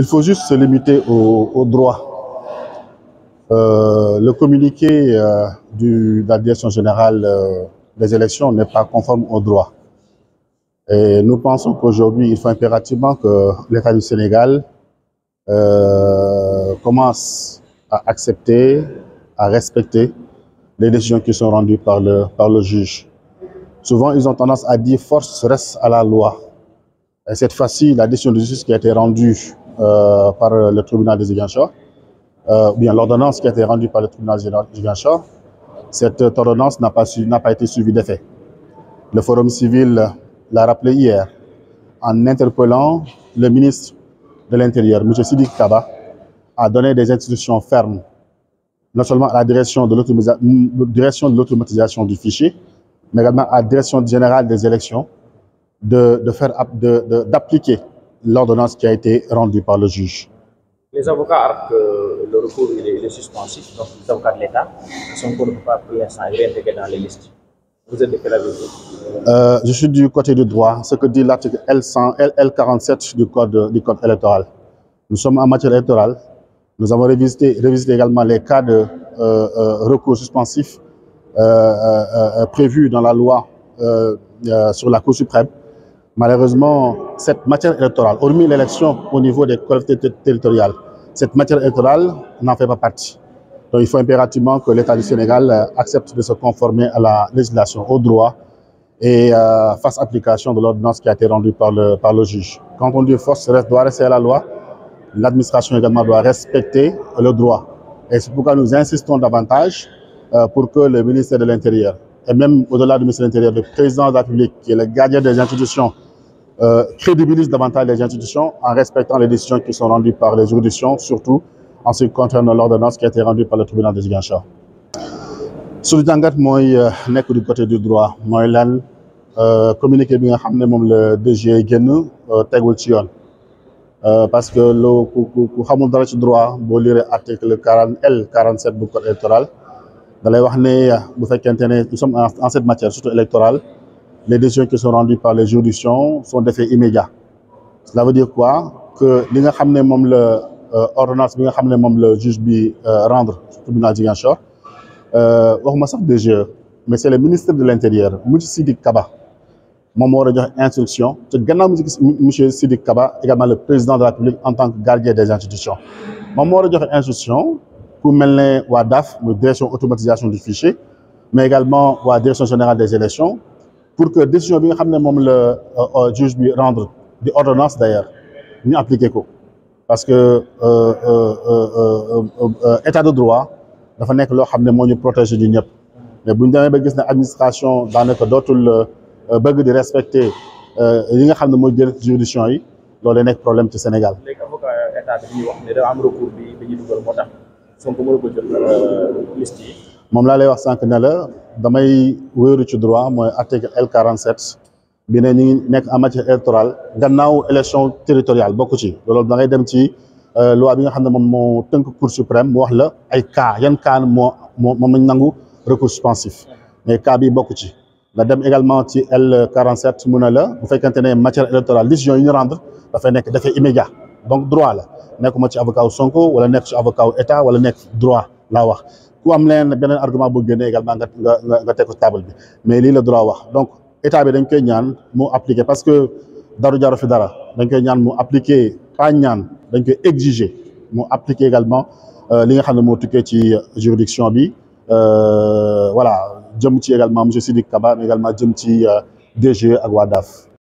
Il faut juste se limiter au, droit. Euh, le communiqué euh, de la direction générale euh, des élections n'est pas conforme au droit. Et nous pensons qu'aujourd'hui, il faut impérativement que l'État du Sénégal commence à accepter, à respecter les décisions qui sont rendues par le, par le juge. Souvent, ils ont tendance à dire force reste à la loi. Et cette fois-ci, la décision de justice qui a été rendue euh, par le tribunal de Ziguinchor, euh, bien l'ordonnance qui a été rendue par le tribunal de Ziguinchor, cette euh, ordonnance n'a pas, pas, été suivie d'effet. Le Forum civil l'a rappelé hier en interpellant le ministre de l'Intérieur, M. Sidi Kaba, à donner des instructions fermes, non seulement à la mm, direction de l'automatisation du fichier, mais également à la direction générale des élections, d'appliquer de, de l'ordonnance qui a été rendue par le juge. Les avocats arguent que le recours est, suspensif, donc les avocats de l'État, son cours ne peut pas pour l'instant réintégrer dans les listes. Vous êtes de quel avis euh, Je suis du côté du droit, ce que dit l'article L100, L47 du code, électoral. Nous sommes en matière électorale, nous avons révisité, également les cas de euh, euh, recours suspensif prévus dans la loi sur la Cour suprême. Malheureusement, cette matière électorale, hormis l'élection au niveau des collectivités territoriales, cette matière électorale n'en fait pas partie. Donc il faut impérativement que l'État du Sénégal euh, accepte de se conformer à la législation, au droit et euh, fasse application de l'ordonnance qui a été rendue par le, par le juge. Quand on dit force, doit rester à la loi. L'administration également doit respecter le droit. Et c'est pourquoi nous insistons davantage euh, pour que le ministère de l'Intérieur, et même au-delà du ministère de l'Intérieur, le président de la République, qui est le gardien des institutions, euh, crédibilise davantage les institutions en respectant les décisions qui sont rendues par les juridictions, surtout en ce qui concerne l'ordonnance qui a été rendue par le tribunal de Ziguinchor. Je jàngat mooy euh, nekk du côté du droit Je lan euh, communiqué avec le xam ne le DG tegul ci parce que le ku ku xamul dara droit boo lire l'article L 47 du code électoral wax que nous sommes en cette matière surtout électorale les décisions qui sont rendues par les juridictions sont d'effet immédiat. Cela veut dire quoi Que li nga xam ne moom la euh, ordonnance bi nga xam juge bi euh, rendre tribunal Ziguinchor euh, waxuma sax mais c'est le ministre de l'intérieur Monsieur Sidik Kaba qui moo war a instruction te gannaaw Monsieur Sidik Kaba également le président de la République en tant que gardien des institutions moom moo war a instruction pour mener Wadaf, waa DAF direction automatisation du fichier mais également la direction générale des élections pour que décision bi nga xam ne moom euh, euh, juge bi rendre di ordonnance d'ailleurs ñu appliquer ko parce que euh, euh, euh état de droit dafa nekk loo xam ne moo ñu protéger ñu ñëpp mais bu ñu demee ba gis ne administration daanaka dootul bëgg di respecter yi nga xam ne mooy jël juridiction yi lolé nek problème ci Sénégal. léegi avocat état bi ñuy wax né da am recours bi bi ñu dugal tax Sonko mo ko jël liste yi mom la lay wax sank ne la damay wëru ci droit moy article L 47 bi ne ñu nek nekk en matière électorale gannaaw élection territoriale bokku ci lolou da ngay dem ci euh, loi bi nga xam mom mo teunk cour suprême wax la ay cas yan cas mo moo moom nangu recours suspensif mais cas bi bokku ci da dem également ci L 47 muna la bu fekkente ne matière électorale décision yi ñu rendre nek da fay immédiat donc droit la nekuma ci avocat Sonko wala nek ci avocat état wala nek droit la wax ku am leneen beneen argument boo génnee également nga nga nga teg table bi mais li le droit wax donc état bi dañ koy ñaan mu appliquer parce que daru jaru fi dara dañ koy ñaan mu appliquer pas ñaan dañ koy exiger mu appliquer également euh, li nga xam mo tuké ci juridiction bi euh, voilà jëm ci également monsieur Sidik Kaba mais également jëm ci euh, DG e ak Wadaf